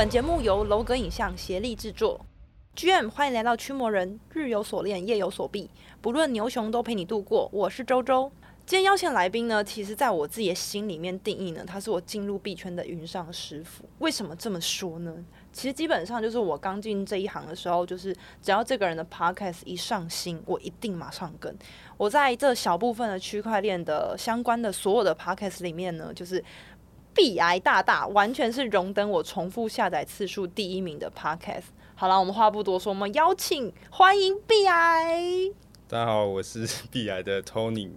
本節目由樓閣影像協力製作。GM，歡迎來到區魔人，日有所鏈，夜有所幣，不論牛熊都陪你度過。我是周周。今天邀請的來賓呢，其實在我自己的心裡面定義呢，他是我進入幣圈的雲上師父。為什麼這麼說呢？其實基本上就是我剛進這一行的時候，就是只要這個人的 Podcast 一上新，我一定馬上跟。我在這小部分的區塊鏈的相關的所有的 Podcast 裡面呢，就是。幣癌大大完全是榮登我重複下載次數第一名的 Podcast。好了，我們話不多說，我們邀請歡迎幣癌。大家好，我是幣癌的 Tony。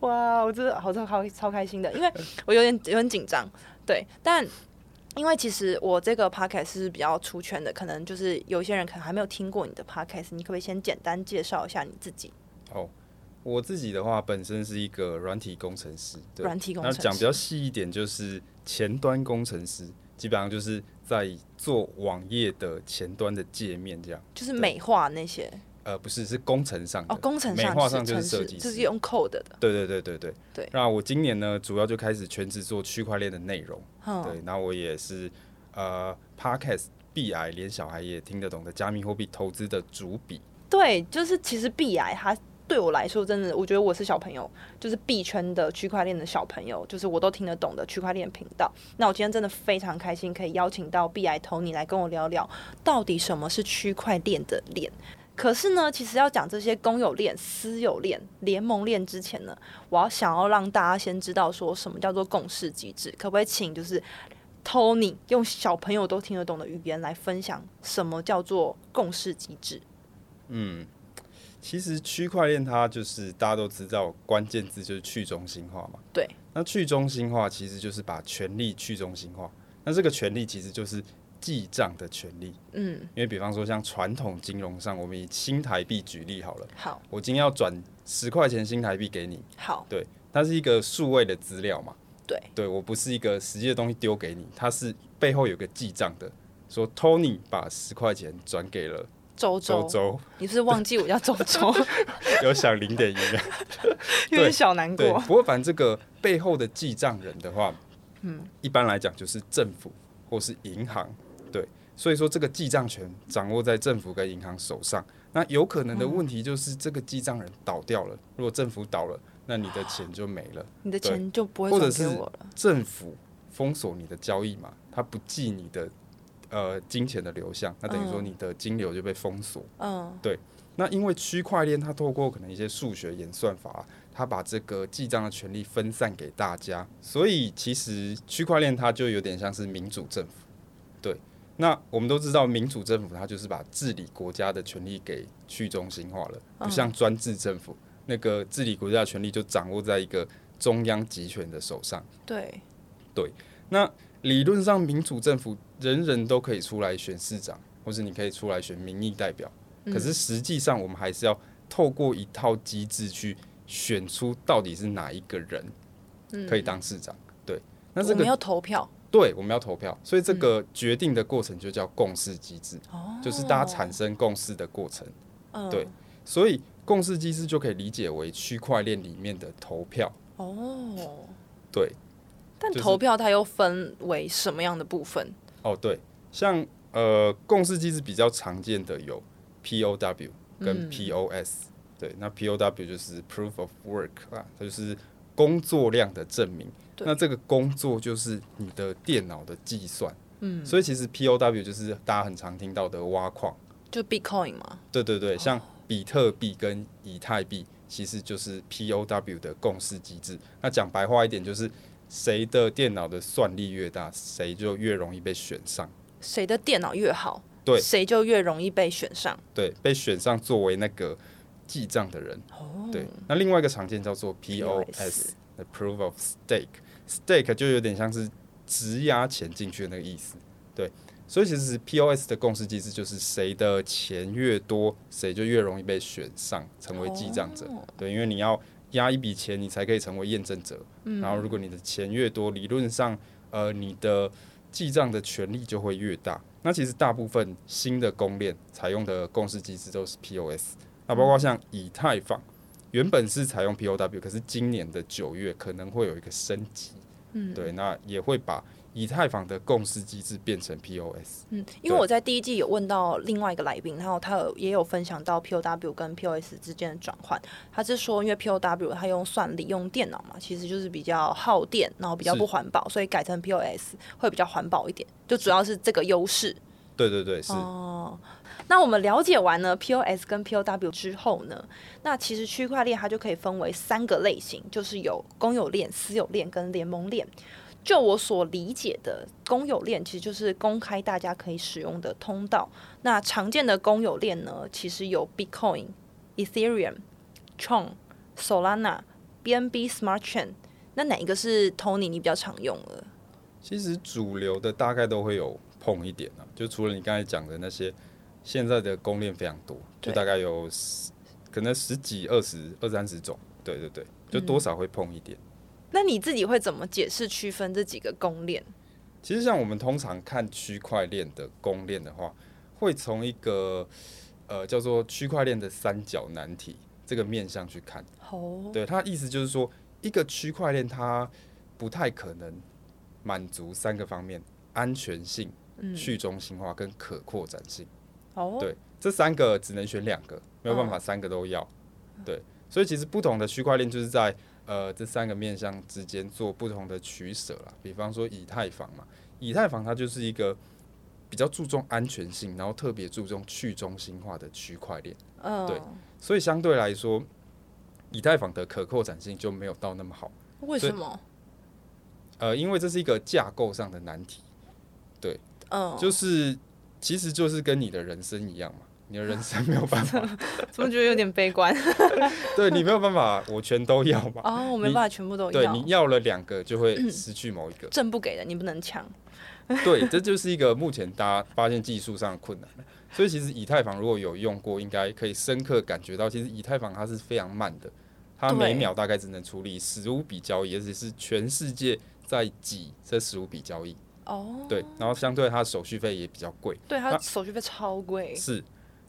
哇，我真的好超超開心的，因為我有點 有點緊張。對，但因為其實我這個 Podcast 是比較出圈的，可能就是有些人可能還沒有聽過你的 Podcast，你可不可以先簡單介紹一下你自己？哦，我自己的話，本身是一個軟體工程師，對，軟體工程師，那講比較細一點就是。前端工程師基本上就是在做網頁的前端的界面，這樣就是美化那些。呃，不是，是工程上的哦，工程美化上就是設計師，就是用 code 的。對對對對對對。對那我今年呢，主要就開始全職做區塊鏈的內容。嗯、對，那我也是呃，Podcast 幣癌連小孩也聽得懂的加密貨幣投資的主筆。對，就是其實幣癌它。對我來說，真的，我覺得我是小朋友，就是幣圈的區塊鏈的小朋友，就是我都聽得懂的區塊鏈頻道。那我今天真的非常開心，可以邀請到幣癌 Tony 來跟我聊聊，到底什麼是區塊鏈的鏈？可是呢，其實要講這些公有鏈、私有鏈、聯盟鏈之前呢，我要想要讓大家先知道說什麼叫做共識機制，可不可以請就是 Tony 用小朋友都聽得懂的語言來分享什麼叫做共識機制？嗯。其實區塊鏈它就是大家都知道，關鍵字就是去中心化嘛。對。那去中心化其實就是把權力去中心化。那這個權力其實就是記賬的權利。嗯。因為比方說像傳統金融上，我們以新台幣舉例好了。好。我今天要轉十塊錢新台幣給你。好。對，它是一個數位的資料嘛。對。對，我不是一個實際的東西丟給你，它是背後有個記賬的，說 Tony 把十塊錢轉給了。周周，你是忘記我叫周周？對 有想零點一，有點小難過。不過反正這個背後的記賬人的話，嗯，一般來講就是政府或是銀行，對，所以說這個記賬權掌握在政府跟銀行手上。那有可能的問題就是這個記賬人倒掉了，嗯，如果政府倒了，那你的錢就沒了，你的錢對就不會了。或者是政府封鎖你的交易嘛，他不記你的。呃，金錢的流向，那等於說你的金流就被封鎖。嗯，對。那因為區塊鏈，它透過可能一些數學演算法，啊，它把這個記賬的權力分散給大家，所以其實區塊鏈它就有點像是民主政府。對，那我們都知道，民主政府它就是把治理國家的權力給去中心化了，不像專制政府，嗯、那個治理國家的權力就掌握在一個中央集權的手上。對，對，那。理論上，民主政府人人都可以出來選市長，或是你可以出來選民意代表。嗯、可是實際上，我們還是要透過一套機制去選出到底是哪一個人可以當市長。嗯、對，那這個我們要投票。對，我們要投票，所以這個決定的過程就叫共識機制，嗯、就是大家產生共識的過程。哦、對，所以共識機制就可以理解為區塊鏈裡面的投票。哦，對。但投票它又分為什麼樣的部分？就是、哦，對，像呃，共識機制比較常見的有 P O W 跟 P O S、嗯。對，那 P O W 就是 Proof of Work 啦，它就是工作量的證明。對。那這個工作就是你的電腦的計算。嗯，所以其實 P O W 就是大家很常聽到的挖礦，就 Bitcoin 嘛。對對對，像比特幣跟以太幣、哦、其實就是 P O W 的共識機制。那講白話一點就是。誰的電腦的算力越大，誰就越容易被選上。誰的電腦越好，對，誰就越容易被選上。對，被選上作為那個記賬的人。哦，對。那另外一個常見叫做 POS，Proof of Stake，Stake 就有點像是質押錢進去的那個意思。對，所以其實是 POS 的共識機制就是誰的錢越多，誰就越容易被選上成為記賬者。哦、對，因為你要押一筆錢，你才可以成為驗證者。然後，如果你的錢越多，理論上，呃，你的記賬的權利就會越大。那其實大部分新的公鏈採用的共識機制都是 POS，那包括像以太坊，原本是採用 POW，可是今年的九月可能會有一個升級，嗯、對，那也會把。以太坊的共識機制變成 POS。嗯，因為我在第一季有問到另外一個來賓，對然後他也有分享到 POW 跟 POS 之間的轉換。他是說，因為 POW 他用算力用電腦嘛，其實就是比較耗電，然後比較不環保，是所以改成 POS 會比較環保一點，是就主要是這個優勢。對對對，是。哦，那我們了解完了 POS 跟 POW 之後呢，那其實區塊鏈它就可以分為三個類型，就是有公有鏈、私有鏈跟聯盟鏈。就我所理解的公有鏈，其實就是公開大家可以使用的通道。那常見的公有鏈呢，其實有 Bitcoin、Ethereum、Tron、Solana、BNB Smart Chain。那哪一個是 Tony 你比較常用的？其實主流的大概都會有碰一點啊，就除了你剛才講的那些，現在的公鏈非常多，就大概有對可能十幾、二十、二三十種。對對對，就多少會碰一點。嗯那你自己會怎麼解釋區分這幾個公鏈？其實像我們通常看區塊鏈的公鏈的話，會從一個呃叫做區塊鏈的三角難題這個面向去看。Oh. 對，它意思就是說，一個區塊鏈它不太可能滿足三個方面：安全性、去中心化跟可擴展性。嗯。對，這三個只能選兩個，沒有辦法三個都要。Oh. 對，所以其實不同的區塊鏈就是在。呃，這三個面向之間做不同的取捨了。比方說以太坊嘛，以太坊它就是一個比較注重安全性，然後特別注重去中心化的區塊鏈。嗯，oh. 對，所以相對來說，以太坊的可擴展性就沒有到那麼好。為什麼？呃，因為這是一個架構上的難題。對，嗯，oh. 就是其實就是跟你的人生一樣嘛。你的人生沒有辦法， 怎麼覺得有點悲觀？ 對，你沒有辦法，我全都要吧。哦，我沒辦法你全部都要。對，你要了兩個就會失去某一個。朕不給的，你不能搶。對，這就是一個目前大家發現技術上的困難。 所以其實以太坊如果有用過，應該可以深刻感覺到，其實以太坊它是非常慢的，它每秒大概只能處理十五筆交易，對而且是全世界在擠這十五筆交易。哦。對，然後相對它的手續費也比較貴。對，它的手續費超貴。那是。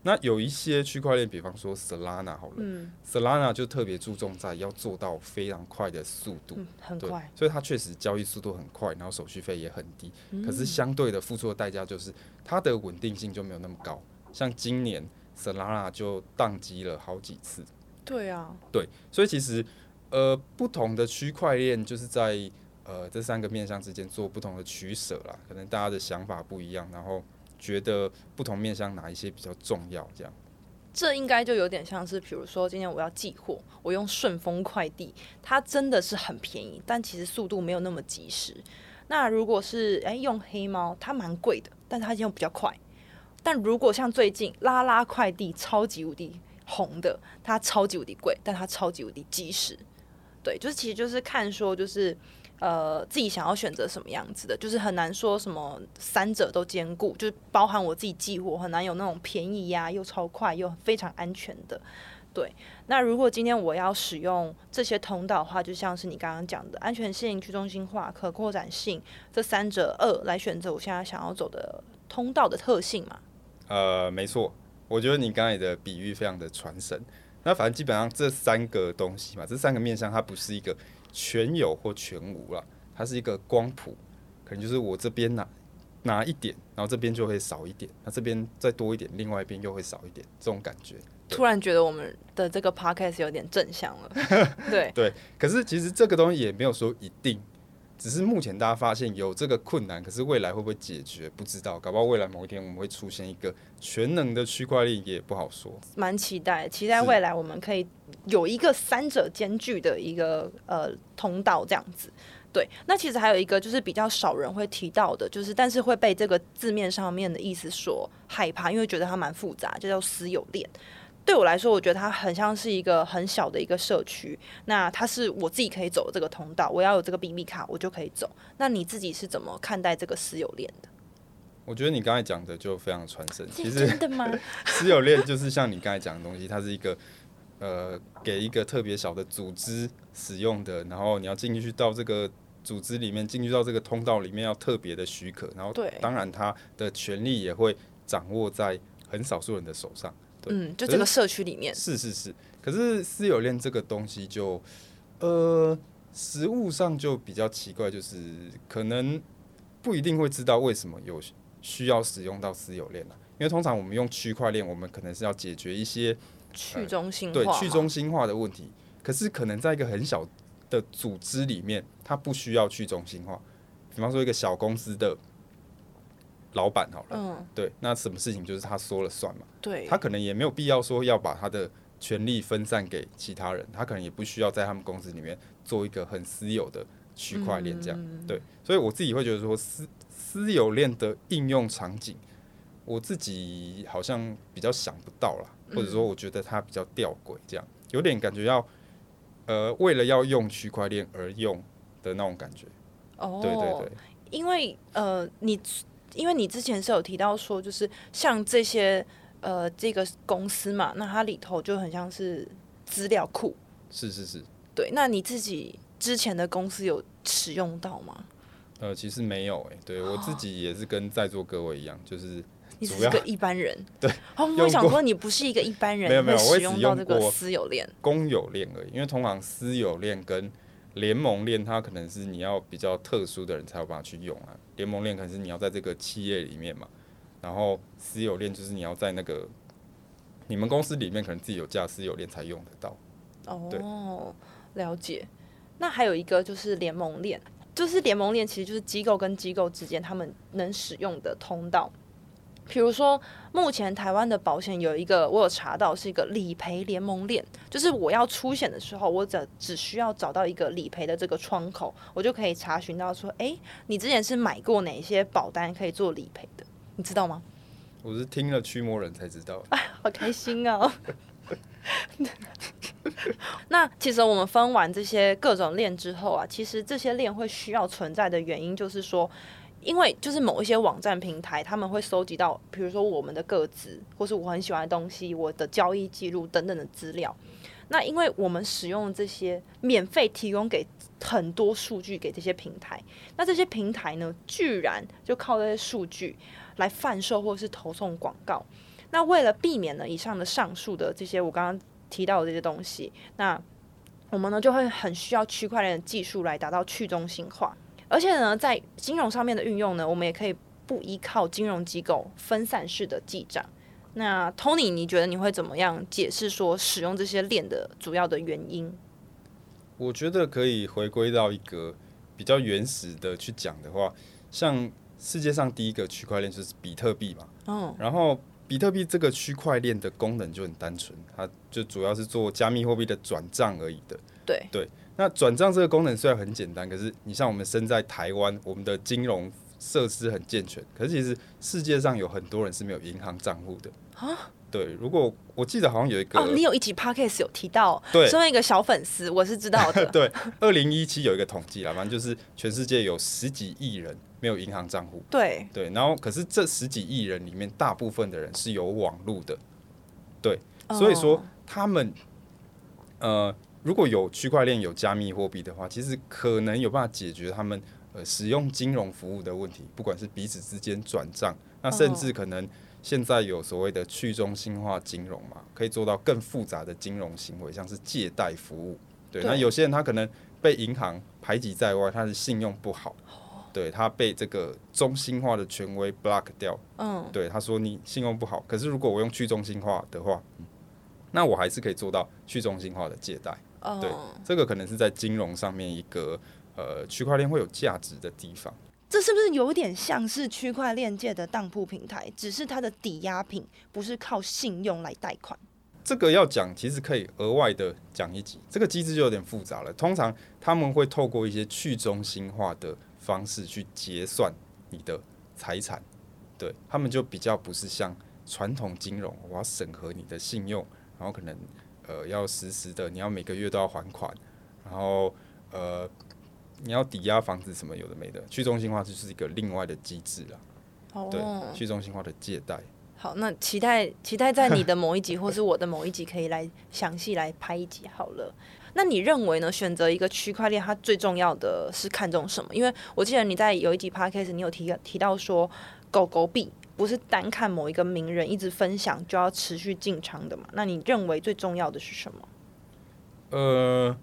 那有一些區塊鏈，比方說 Solana 好了，Solana、嗯、就特別注重在要做到非常快的速度，嗯、很快，所以它確實交易速度很快，然後手續費也很低。嗯、可是相對的付出的代價就是它的穩定性就沒有那麼高，像今年 Solana 就宕機了好幾次。對啊，對，所以其實呃，不同的區塊鏈就是在呃這三個面向之間做不同的取捨啦，可能大家的想法不一樣，然後。覺得不同面向哪一些比較重要？這樣，這應該就有點像是，比如說今天我要寄貨，我用順豐快遞，它真的是很便宜，但其實速度沒有那麼及時。那如果是哎用黑貓，它蠻貴的，但它用比較快。但如果像最近拉拉快遞超級無敵紅的，它超級無敵貴，但它超級無敵及時。對，就是其實就是看說就是。呃，自己想要選擇什麼樣子的，就是很難說什麼三者都兼顧，就包含我自己寄貨，我很難有那種便宜呀、啊，又超快又非常安全的。對，那如果今天我要使用這些通道的話，就像是你剛剛講的安全性、去中心化、可擴展性這三者二來選擇我現在想要走的通道的特性嘛？呃，沒錯，我覺得你剛才的比喻非常的傳神。那反正基本上這三個東西嘛，這三個面向它不是一個。全有或全無了，它是一個光譜，可能就是我這邊拿拿一點，然後這邊就會少一點，那這邊再多一點，另外一邊又會少一點，這種感覺。突然覺得我們的這個 podcast 有點正向了， 對對。可是其實這個東西也沒有說一定，只是目前大家發現有這個困難，可是未來會不會解決不知道，搞不好未來某一天我們會出現一個全能的區塊鏈，也不好說。蠻期待，期待未來我們可以有一個三者兼具的一個呃通道，這樣子，對。那其實還有一個就是比較少人會提到的，就是但是會被這個字面上面的意思所害怕，因為覺得它蠻複雜，就叫私有鏈。對我來說，我覺得它很像是一個很小的一個社區。那它是我自己可以走的這個通道，我要有這個祕密卡，我就可以走。那你自己是怎麼看待這個私有鏈的？我覺得你剛才講的就非常傳神。其實，真的嗎？私有鏈就是像你剛才講的東西， 它是一個。呃，給一個特別小的組織使用的，然後你要進去到這個組織裡面，進去到這個通道裡面，要特別的許可。然後，對，當然他的權力也會掌握在很少數人的手上。對，嗯，就這個社區裡面是。是是是，可是私有鏈這個東西就，呃，實務上就比較奇怪，就是可能不一定會知道為什麼有需要使用到私有鏈了，啊，因為通常我們用區塊鏈，我們可能是要解決一些。去中心化、呃、對去中心化的問題，可是可能在一個很小的組織裡面，它不需要去中心化。比方說一個小公司的老板好了，嗯、對，那什麼事情就是他說了算嘛，對，他可能也沒有必要說要把他的權力分散給其他人，他可能也不需要在他們公司裡面做一個很私有的區塊鏈這樣，嗯、對。所以我自己會覺得說私，私私有鏈的應用場景，我自己好像比較想不到啦。或者說，我覺得它比較弔詭，這樣、嗯、有點感覺要，呃，為了要用區塊鏈而用的那種感覺。哦。對對對。因為呃，你因為你之前是有提到說，就是像這些呃，這個公司嘛，那它裡頭就很像是資料庫。是是是。對。那你自己之前的公司有使用到嗎？呃，其實沒有誒、欸。對，我自己也是跟在座各位一樣，哦、就是。你是個一般人，對？Oh, 用過。我想說，你不是一個一般人。沒有沒有，我只用到這個私有鏈、公有鏈而已。因為通常私有鏈跟聯盟鏈，它可能是你要比較特殊的人才有辦法去用啊。聯盟鏈可能是你要在這個企業裡面嘛，然後私有鏈就是你要在那個你們公司裡面，可能自己有架私有鏈才用得到。哦，了解。那還有一個就是聯盟鏈，就是聯盟鏈其實就是機構跟機構之間他們能使用的通道。比如說，目前台灣的保險有一個，我有查到是一個理賠聯盟鏈，就是我要出險的時候，我只只需要找到一個理賠的這個窗口，我就可以查詢到說，哎、欸，你之前是買過哪些保單可以做理賠的，你知道嗎？我是聽了區魔人才知道，哎，好開心哦。 那其實我們分完這些各種鏈之後啊，其實這些鏈會需要存在的原因就是說。因為就是某一些網站平台，他們會收集到，比如說我們的個資或是我很喜歡的東西，我的交易記錄等等的資料。那因為我們使用這些免費提供給很多數據給這些平台，那這些平台呢，居然就靠這些數據來販售或是投送廣告。那為了避免呢以上的上述的這些我剛剛提到的這些東西，那我們呢就會很需要區塊鏈的技術來達到去中心化。而且呢，在金融上面的運用呢，我們也可以不依靠金融機構，分散式的記賬。那 Tony，你覺得你會怎麼樣解釋說使用這些鏈的主要的原因？我覺得可以回歸到一個比較原始的去講的話，像世界上第一個區塊鏈就是比特幣嘛。嗯。然後，比特幣這個區塊鏈的功能就很單純，它就主要是做加密貨幣的轉賬而已的。對。對。那轉賬這個功能雖然很簡單，可是你像我們身在台灣，我們的金融設施很健全，可是其實世界上有很多人是沒有銀行賬戶的啊。蛤對，如果我記得好像有一個，哦、啊，你有一集 podcast 有提到，對，身為一個小粉絲，我是知道的。 對，二零一七有一個統計了，反正就是全世界有十幾億人沒有銀行賬戶。對，對，然後可是這十幾億人裡面，大部分的人是有網絡的。對，哦、所以說他們，呃。如果有區塊鏈有加密貨幣的話，其實可能有辦法解決他們呃使用金融服務的問題，不管是彼此之間轉賬，那甚至可能現在有所謂的去中心化金融嘛，可以做到更複雜的金融行為，像是借貸服務。對，對那有些人他可能被銀行排擠在外，他的信用不好，對他被這個中心化的權威 block 掉。嗯，對，他說你信用不好，可是如果我用去中心化的話，嗯，那我還是可以做到去中心化的借貸。對，oh. 這個可能是在金融上面一個呃，區塊鏈會有價值的地方。這是不是有點像是區塊鏈界的當鋪平台？只是它的抵押品不是靠信用來貸款。這個要講，其實可以額外的講一集。這個機制就有點複雜了。通常他們會透過一些去中心化的方式去結算你的財產。對，他們就比較不是像傳統金融，我要審核你的信用，然後可能。呃，要實時的，你要每個月都要還款，然後，呃，你要抵押房子什麼有的沒的，去中心化就是一個另外的機制了。哦，oh. 對，去中心化的借貸。好，那期待期待在你的某一集， 或是我的某一集，可以來詳細來拍一集好了。那你認為呢？選擇一個區塊鏈，它最重要的是看重什麼？因為我記得你在有一集 podcast 你有提提到說。狗狗幣不是單看某一個名人一直分享就要持續進場的嘛？那你認為最重要的是什麼？呃，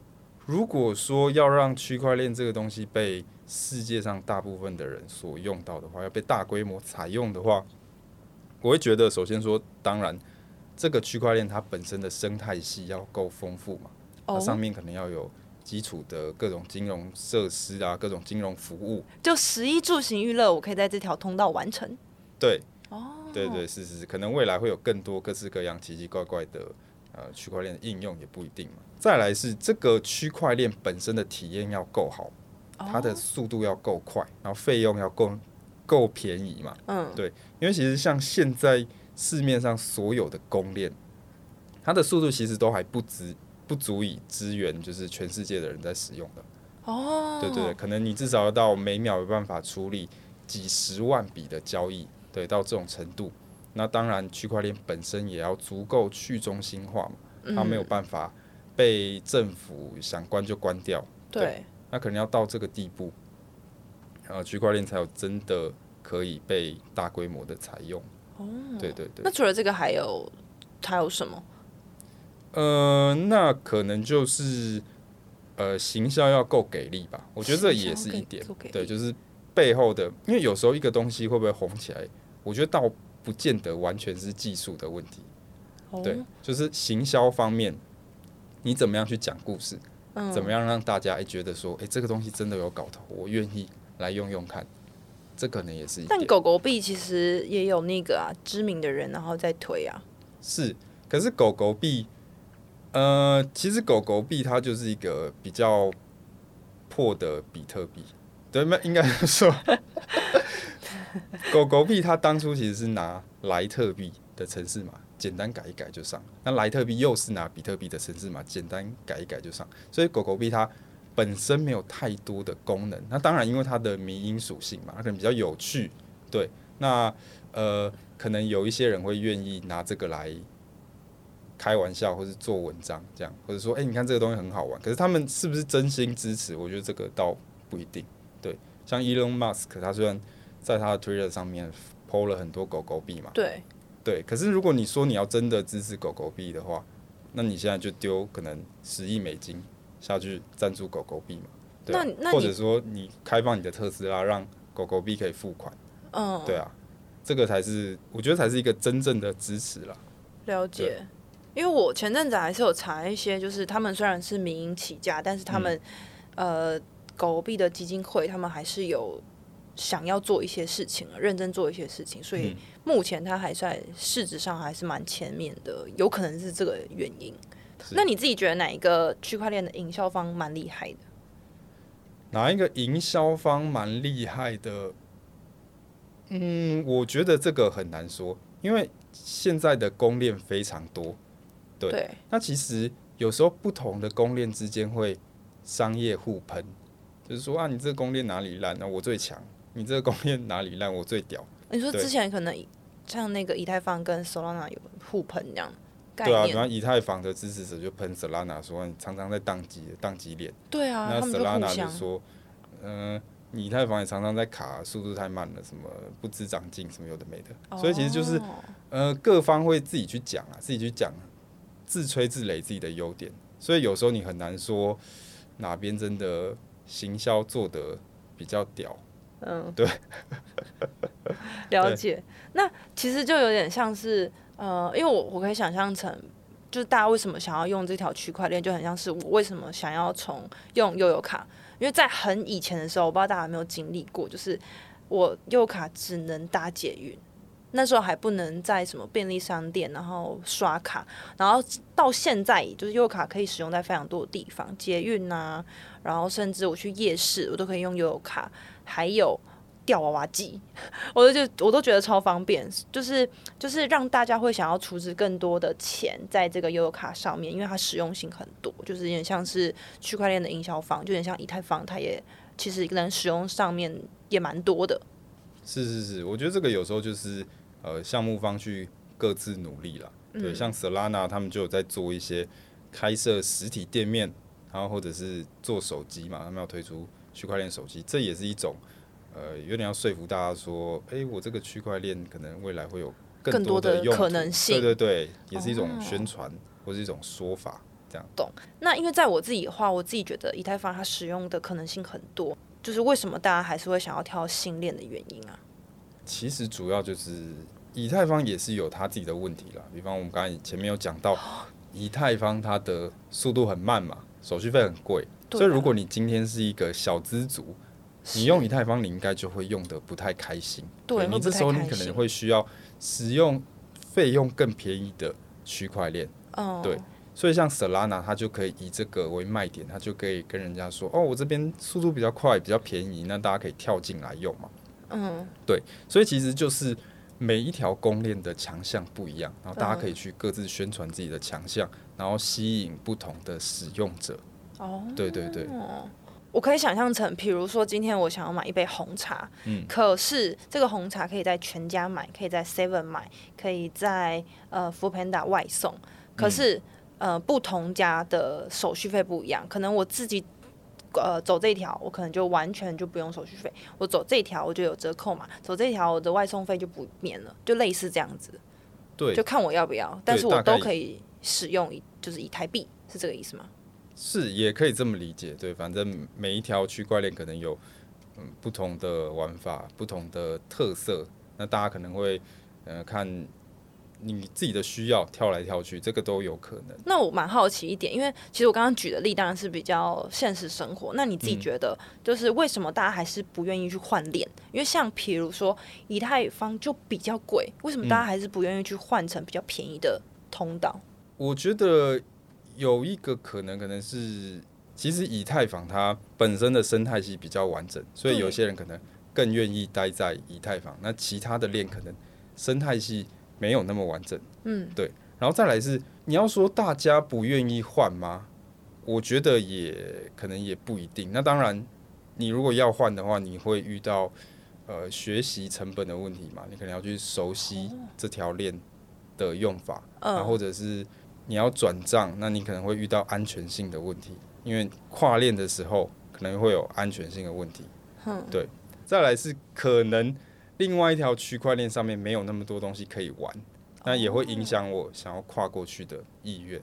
如果說要讓區塊鏈這個東西被世界上大部分的人所用到的話，要被大規模採用的話，我會覺得首先說，當然這個區塊鏈它本身的生態系要夠豐富嘛，哦，它上面可能要有。基礎的各種金融設施啊，各種金融服務，就食衣住行娛樂，我可以在這條通道完成。對，哦，對對，對是是，是可能未來會有更多各式各樣奇奇怪怪的呃區塊鏈的應用，也不一定嘛。再來是這個區塊鏈本身的體驗要夠好，它的速度要夠快，哦、然後費用要夠夠便宜嘛。嗯，對，因為其實像現在市面上所有的公鏈，它的速度其實都還不值。不足以支援，就是全世界的人在使用的。哦。對對對，可能你至少要到每秒有辦法處理幾十萬筆的交易，對，到這種程度，那當然區塊鏈本身也要足夠去中心化嘛，它沒有辦法被政府想關就關掉。嗯、對。對。那可能要到這個地步，然後區塊鏈才有真的可以被大規模的採用。哦。對對對。那除了這個還有，還有什麼？嗯、呃，那可能就是，呃，行銷要夠給力吧。我覺得這也是一點，okay, okay. 對，就是背後的，因為有時候一個東西會不會紅起來，我覺得倒不見得完全是技術的問題，哦、對，就是行銷方面，你怎麼樣去講故事，嗯、怎麼樣讓大家、欸、覺得說，哎、欸，這個東西真的有搞頭，我願意來用用看，這可能也是一。但狗狗幣其實也有那個啊，知名的人然後在推啊，是，可是狗狗幣。呃，其實狗狗幣它就是一個比較破的比特幣，對嗎？那應該說 狗狗幣它當初其實是拿萊特幣的程式碼簡單改一改就上，那萊特幣又是拿比特幣的程式碼簡單改一改就上，所以狗狗幣它本身沒有太多的功能。那當然因為它的迷因屬性嘛，它可能比較有趣，對，那呃可能有一些人會願意拿這個來。開玩笑，或是做文章這樣，或者說，哎、欸，你看這個東西很好玩。可是他們是不是真心支持？我覺得這個倒不一定。對，像 Elon Musk，他雖然在他的 Twitter 上面 po 了很多狗狗幣嘛，對，對。可是如果你說你要真的支持狗狗幣的話，那你現在就丟可能十億美金下去贊助狗狗幣嘛？對、啊，那那或者說你開放你的特斯拉，讓狗狗幣可以付款，哦、嗯，對啊，這個才是我覺得才是一個真正的支持了。了解。因為我前陣子還是有查一些，就是他們雖然是民營起家，但是他們、嗯、呃狗幣的基金會，他們還是有想要做一些事情，認真做一些事情，所以目前他還在市值上還是蠻前面的，有可能是這個原因。是那你自己覺得哪一個區塊鏈的營銷方蠻厲害的？哪一個營銷方蠻厲害的？嗯，我覺得這個很難說，因為現在的公鏈非常多。對，那其實有時候不同的公鏈之間會商業互噴，就是說啊你，你這個公鏈哪裡爛，那我最強，你這個公鏈哪裡爛？我最屌。你說之前可能像那個以太坊跟 Solana 有互噴這樣概念，對啊，然後以太坊的支持者就噴 Solana，說你常常在宕機，宕機鏈。對啊。那 Solana 就，就說，嗯、呃，你以太坊也常常在卡，速度太慢了，什麼不知長進，什麼有的沒的。所以其實就是，oh. 呃，各方會自己去講啊，自己去講、啊。自吹自擂自己的優點，所以有時候你很難說哪邊真的行銷做得比較屌。嗯，對。 了解，對那其實就有點像是，呃，因為我我可以想象成，就是大家為什麼想要用這條區塊鏈，就很像是我為什麼想要從用悠遊卡，因為在很以前的時候，我不知道大家有沒有經歷過，就是我悠遊卡只能搭捷運。那時候還不能在什麼便利商店，然後刷卡，然後到現在就是悠遊卡可以使用在非常多的地方，捷運啊，然後甚至我去夜市，我都可以用悠遊卡，還有吊娃娃機，我都就我都覺得超方便，就是就是讓大家會想要儲值更多的錢在這個悠遊卡上面，因為它實用性很多，就是有點像是區塊鏈的營銷方，就有點像以太坊，它也其實能使用上面也蠻多的。是是是，我覺得這個有時候就是。呃，項目方去各自努力了。嗯、對，像 Solana 他們就有在做一些開設實體店面，然後或者是做手機嘛，他們要推出區塊鏈手機，這也是一種呃，有點要說服大家說，哎、欸，我這個區塊鏈可能未來會有更多的，用更多的可能性。對對對，也是一種宣傳或是一種說法，這樣、哦。懂。那因為在我自己的話，我自己覺得以太坊它使用的可能性很多，就是為什麼大家還是會想要挑新鏈的原因啊？其實主要就是以太坊也是有它自己的問題了，比方我們剛才前面有講到，以太坊它的速度很慢嘛，手續費很貴，了所以如果你今天是一個小資族，你用以太坊你應該就會用得不太開心。是對，對你這時候你可能會需要使用費用更便宜的區塊鏈。對，哦、所以像 Solana 它就可以以這個為賣點，它就可以跟人家說哦，我這邊速度比較快，比較便宜，那大家可以跳進來用嘛。嗯，對，所以其實就是每一條公鏈的強項不一樣，然後大家可以去各自宣傳自己的強項，然後吸引不同的使用者。哦，對對對。哦，我可以想象成，比如說今天我想要買一杯紅茶，嗯，可是這個紅茶可以在全家買，可以在 Seven 買，可以在呃 Foodpanda 外送，可是、嗯、呃不同家的手續費不一樣，可能我自己。呃，走這一條，我可能就完全就不用手續費。我走這條，我就有折扣嘛。走這條，我的外送費就不免了，就類似這樣子。對，就看我要不要。但是我都可以使用以，就是以台幣，是這個意思嗎？是，也可以這麼理解。對，反正每一條區塊鏈可能有嗯不同的玩法、不同的特色。那大家可能會嗯、呃、看。你自己的需要跳來跳去，這個都有可能。那我蠻好奇一點，因為其實我剛剛舉的例子當然是比較現實生活。那你自己覺得，就是為什麼大家還是不願意去換鏈？嗯、因為像譬如說以太坊就比較貴，為什麼大家還是不願意去換成比較便宜的通道？嗯、我覺得有一個可能，可能是其實以太坊它本身的生態系比較完整，所以有些人可能更願意待在以太坊。嗯、那其他的鏈可能生態系。沒有那麼完整，嗯，對，然後再來是，你要說大家不願意換嗎？我覺得也可能也不一定。那當然，你如果要換的話，你會遇到呃學習成本的問題嘛，你可能要去熟悉這條鏈的用法，啊，哦、然後或者是你要轉賬，那你可能會遇到安全性的問題，因為跨鏈的時候可能會有安全性的問題。嗯，對，再來是可能。另外一條區塊鏈上面沒有那麼多東西可以玩，oh、那也會影響我想要跨過去的意願，嗯。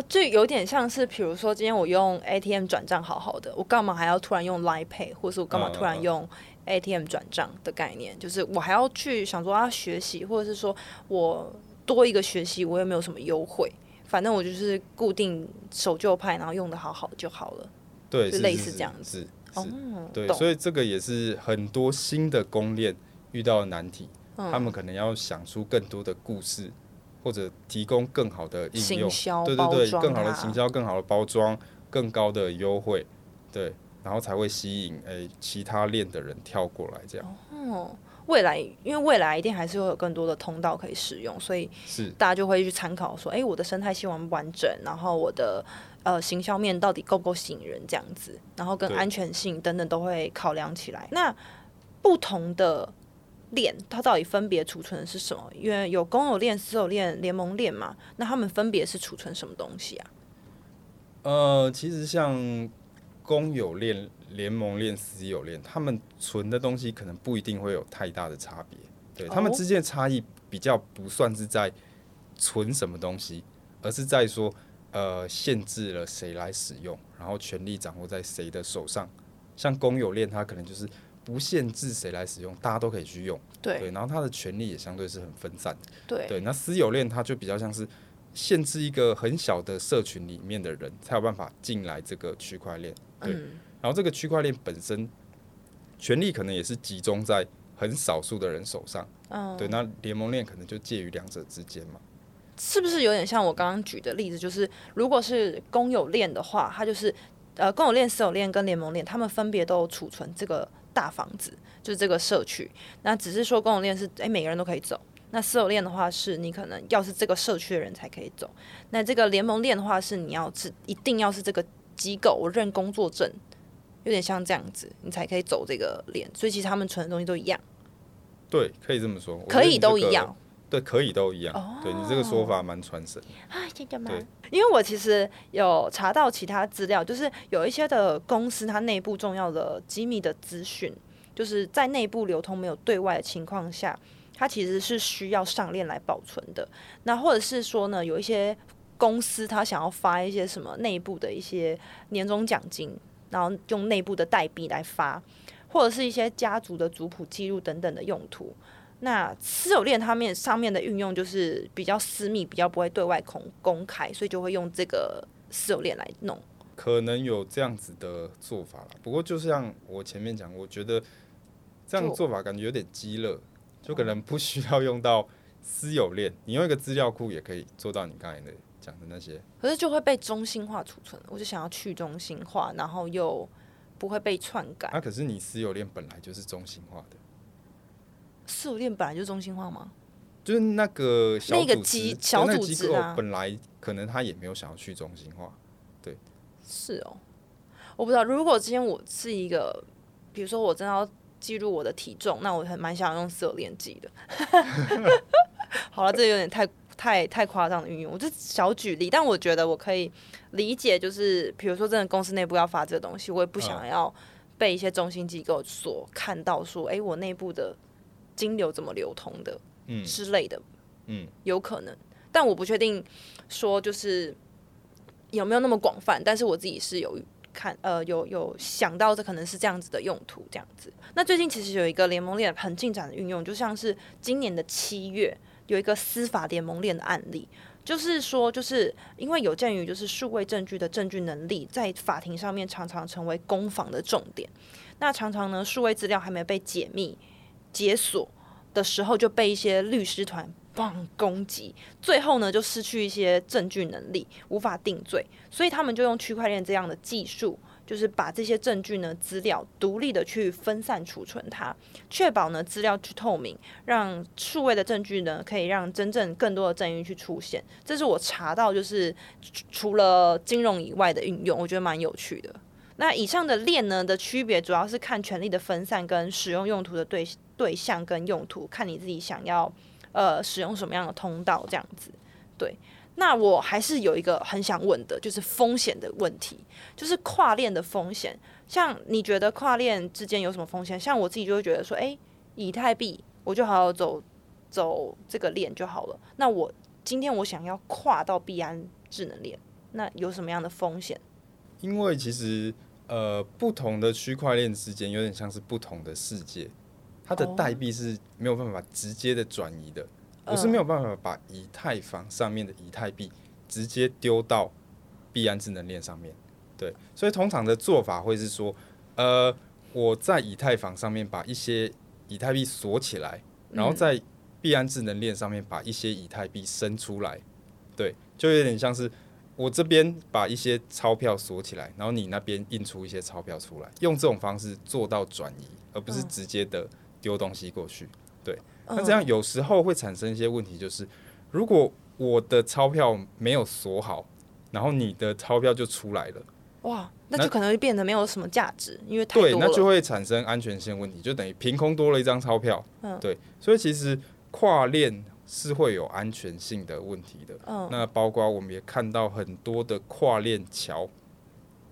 啊，這有點像是，比如說今天我用 ATM 轉賬好好的，我幹嘛還要突然用 Line Pay，或是我幹嘛突然用 ATM 轉賬的概念？嗯嗯，就是我還要去想說要，啊，學習，或者是說我多一個學習，我也沒有什麼優惠，反正我就是固定守舊派，然後用的好好的就好了。對，就類似這樣子。哦，oh 嗯、對，懂所以這個也是很多新的公鏈。遇到的難題，嗯、他們可能要想出更多的故事，或者提供更好的應用，行銷對對對，啊、更好的行銷、更好的包裝、更高的優惠，對，然後才會吸引誒、欸、其他鏈的人跳過來。這樣，哦，嗯、哦，未來因為未來一定還是會有更多的通道可以使用，所以是大家就會去參考說，哎是、欸，我的生態系完不完整，然後我的呃行銷面到底夠不夠吸引人這樣子，然後跟安全性等等都會考量起來。對那不同的。鏈它到底分別儲存的是什麼？因為有公有鏈、私有鏈、聯盟鏈嘛，那他們分別是儲存什麼東西啊？呃，其實像公有鏈、聯盟鏈、私有鏈，他們存的東西可能不一定會有太大的差別。對、哦、他們之間的差異比較不算是在存什麼東西，而是在說呃限制了誰來使用，然後權力掌握在誰的手上。像公有鏈，它可能就是。不限制誰來使用，大家都可以去用。對，對，然後他的權利也相對是很分散的。對，對，那私有鏈它就比較像是限制一個很小的社群裡面的人才有辦法進來這個區塊鏈。對，嗯，然後這個區塊鏈本身權利可能也是集中在很少數的人手上。嗯。對，那聯盟鏈可能就介於兩者之間嘛？是不是有點像我剛剛舉的例子？就是如果是公有鏈的話，它就是呃，公有鏈、私有鏈跟聯盟鏈，他們分別都有儲存這個。大房子就是這個社區，那只是說公有鏈是哎、欸，每個人都可以走；那私有鏈的話，是你可能要是這個社區的人才可以走；那這個聯盟鏈的話，是你要是一定要是這個機構，我認工作證，有點像這樣子，你才可以走這個鏈。所以其實他們存的東西都一樣，對，可以這麼說，這個、可以都一樣。對，可以都一樣。哦、對，你這個說法蠻傳神啊，真的嗎？對，因為我其實有查到其他資料，就是有一些的公司，它內部重要的機密的資訊，就是在內部流通沒有對外的情況下，它其實是需要上鏈來保存的。那或者是說呢，有一些公司它想要發一些什麼內部的一些年終獎金，然後用內部的代幣來發，或者是一些家族的族譜記錄等等的用途。那私有鏈它面上面的運用就是比較私密，比較不會對外公公開，所以就會用這個私有鏈來弄。可能有這樣子的做法了，不過就像我前面講，我覺得這樣做法感覺有點雞肋，就，就可能不需要用到私有鏈，哦、你用一個資料庫也可以做到你剛才的講的那些。可是就會被中心化儲存，我就想要去中心化，然後又不會被篡改。那、啊、可是你私有鏈本來就是中心化的。四五鏈本來就中心化嗎？就是那個那個機小組織啊，織那個、構本來可能他也沒有想要去中心化，對。是哦，我不知道。如果今天我是一個，比如說我真的要記錄我的體重，那我很蠻想用私有鏈機的。 好了，這有點太太太誇張的運用，我就小舉例。但我覺得我可以理解，就是比如說真的公司內部要發這個東西，我也不想要被一些中心機構所看到說，說、欸、哎，我內部的。金流怎麼流通的，之類的，嗯，嗯有可能，但我不確定說就是有沒有那麼廣泛，但是我自己是有看呃有有想到這可能是這樣子的用途這樣子。那最近其實有一個聯盟鏈很進展的運用，就像是今年的七月有一個司法聯盟鏈的案例，就是說就是因為有鑑於就是數位證據的證據能力在法庭上面常常成為攻防的重點，那常常呢數位資料還沒被解密。解鎖的時候就被一些律師團棒攻擊，最後呢就失去一些證據能力，無法定罪。所以他們就用區塊鏈這樣的技術，就是把這些證據呢資料獨立的去分散儲存它，確保呢資料去透明，讓數位的證據呢可以讓真正更多的證據去出現。這是我查到就是除了金融以外的運用，我覺得蠻有趣的。那以上的鏈呢的區別，主要是看權力的分散跟使用用途的對對象跟用途，看你自己想要呃使用什麼樣的通道這樣子。對，那我還是有一個很想問的，就是風險的問題，就是跨鏈的風險。像你覺得跨鏈之間有什麼風險？像我自己就會覺得說，哎、欸，以太幣我就好好走走這個鏈就好了。那我今天我想要跨到幣安智能鏈，那有什麼樣的風險？因為其實。呃，不同的區塊鏈之間有點像是不同的世界，它的代幣是沒有辦法直接的轉移的。我是沒有辦法把以太坊上面的以太幣直接丟到幣安智能鏈上面，對。所以通常的做法會是說，呃，我在以太坊上面把一些以太幣鎖起來，然後在幣安智能鏈上面把一些以太幣生出來，對，就有點像是。我這邊把一些鈔票鎖起來，然後你那邊印出一些鈔票出來，用這種方式做到轉移，而不是直接的丟東西過去。嗯、對，那這樣有時候會產生一些問題，就是如果我的鈔票沒有鎖好，然後你的鈔票就出來了，哇，那就可能會變得沒有什麼價值，那因為太對，那就會產生安全性問題，就等於憑空多了一張鈔票。嗯，對，所以其實跨鏈。是會有安全性的問題的。嗯，那包括我們也看到很多的跨鏈橋，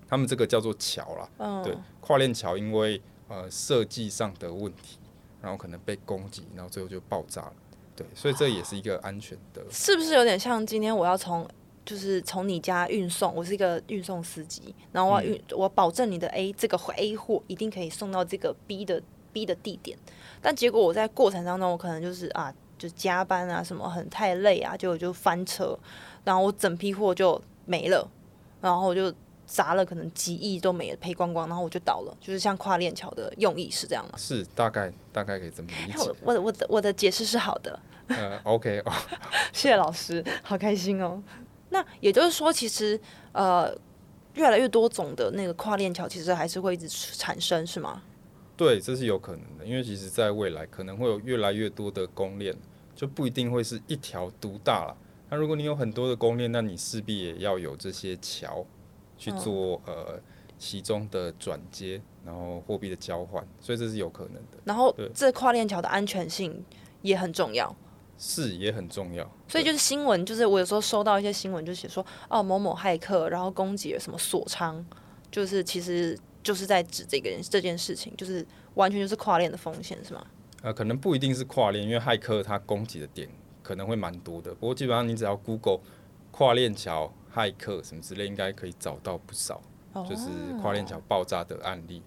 他們這個叫做橋啦。嗯，對，跨鏈橋因為呃設計上的問題，然後可能被攻擊，然後最後就爆炸了。對，所以這也是一個安全的。啊、是不是有點像今天我要從就是從你家運送，我是一個運送司機，然後我要運、嗯、我保證你的 A 這個 A 貨一定可以送到這個 B 的 B 的地點，但結果我在過程當中我可能就是啊。就加班啊，什麼很太累啊，就就翻車，然後我整批貨就沒了，然後我就砸了，可能幾億都沒賠光光，然後我就倒了，就是像跨鏈橋的用意是這樣嗎？是大概大概可以這麼理解。我我我的我的解釋是好的。呃，OK，oh， 謝謝老師，好開心哦。 那也就是說，其實呃，越來越多種的那個跨鏈橋，其實還是會一直產生，是嗎？對，這是有可能的，因為其實，在未來可能會有越來越多的公鏈，就不一定會是一條獨大了。那如果你有很多的公鏈，那你勢必也要有這些橋去做、嗯、呃其中的轉接，然後貨幣的交換，所以這是有可能的。然後，對這跨鏈橋的安全性也很重要，是也很重要。所以就是新聞，就是我有時候收到一些新聞，就寫說哦某某駭客然後攻擊了什麼鎖倉，就是其實。就是在指這個人這件事情，就是完全就是跨鏈的風險，是嗎？呃，可能不一定是跨鏈，因為駭客它攻擊的點可能會蠻多的。不過基本上你只要 Google 跨鏈橋、駭客什麼之類，應該可以找到不少，就是跨鏈橋爆炸的案例。Oh.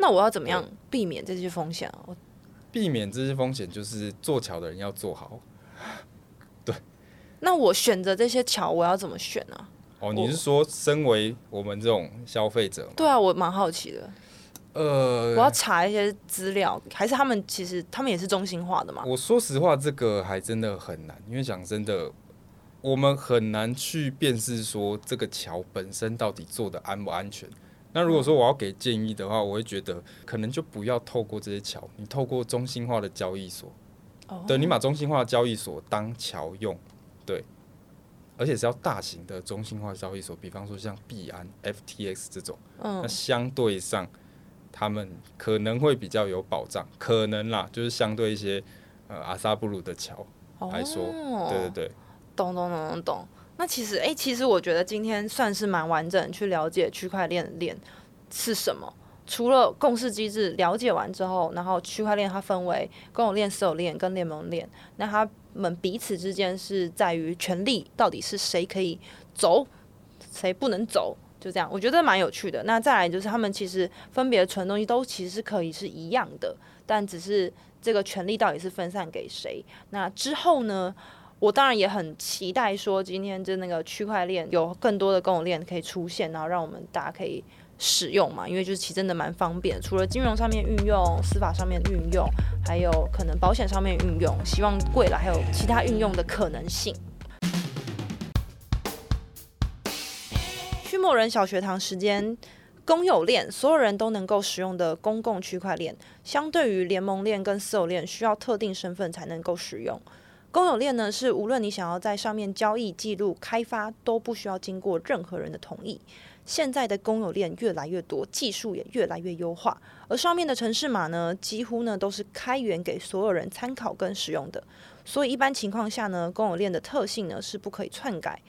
那我要怎麼樣避免這些風險啊？對。避免這些風險就是做橋的人要做好。對。那我選擇這些橋，我要怎麼選呢？哦，你是說身為我們這種消費者？對啊，我蠻好奇的。呃，我要查一些資料，還是他們其實他們也是中心化的嗎？我說實話，這個還真的很難，因為講真的，我們很難去辨識說這個橋本身到底做得安不安全。那如果說我要給建議的話，我會覺得可能就不要透過這些橋，你透過中心化的交易所，等，oh，對，你把中心化的交易所當橋用。而且是要大型的中心化交易所，比方說像幣安、FTX 這種，嗯、那相對上，他們可能會比較有保障，可能啦，就是相對一些呃阿薩布魯的橋來說，哦、對對對，懂懂懂懂懂。那其實誒、欸，其實我覺得今天算是蠻完整去了解區塊鏈的鏈是什麼，除了共識機制了解完之後，然後區塊鏈它分為公有鏈、私有鏈跟聯盟鏈，那他們彼此之間是在於權力到底是誰可以走，誰不能走，就這樣，我覺得蠻有趣的。那再來就是他們其實分別存東西都其實是可以是一樣的，但只是這個權力到底是分散給誰。那之後呢，我當然也很期待說今天就那個區塊鏈有更多的公有鏈可以出現，然後讓我們大家可以。使用嘛，因為就是其實真的蠻方便。除了金融上面運用、司法上面運用，還有可能保險上面運用，希望未來還有其他運用的可能性。區魔人小學堂時間。公有鏈，所有人都能夠使用的公共區塊鏈，相對於聯盟鏈跟私有鏈，需要特定身份才能夠使用。公有鏈呢，是無論你想要在上面交易、記錄、開發，都不需要經過任何人的同意。現在的公有鏈越來越多，技術也越來越優化，而上面的程式碼呢，幾乎呢都是開源給所有人參考跟使用的。所以一般情況下呢，公有鏈的特性呢是不可以篡改、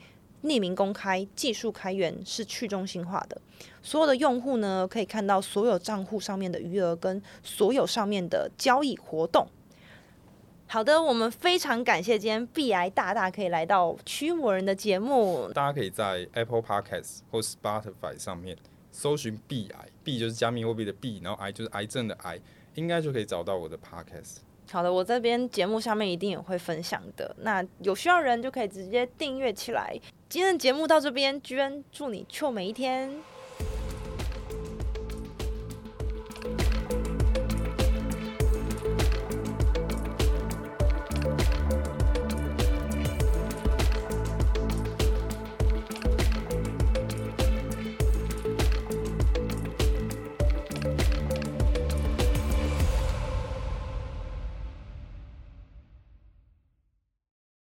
匿名、公開、技術開源、是去中心化的。所有的用戶呢可以看到所有賬戶上面的餘額跟所有上面的交易活動。好的，我們非常感謝今天幣癌大大可以來到《區魔人》的節目。大家可以在 Apple Podcast 或 Spotify 上面搜尋幣癌，幣就是加密貨幣的幣，然後癌就是癌症的癌，應該就可以找到我的 Podcast。好的，我這邊節目下面一定也會分享的，那有需要的人就可以直接訂閱起來。今天的節目到這邊，居然祝你臭美一天。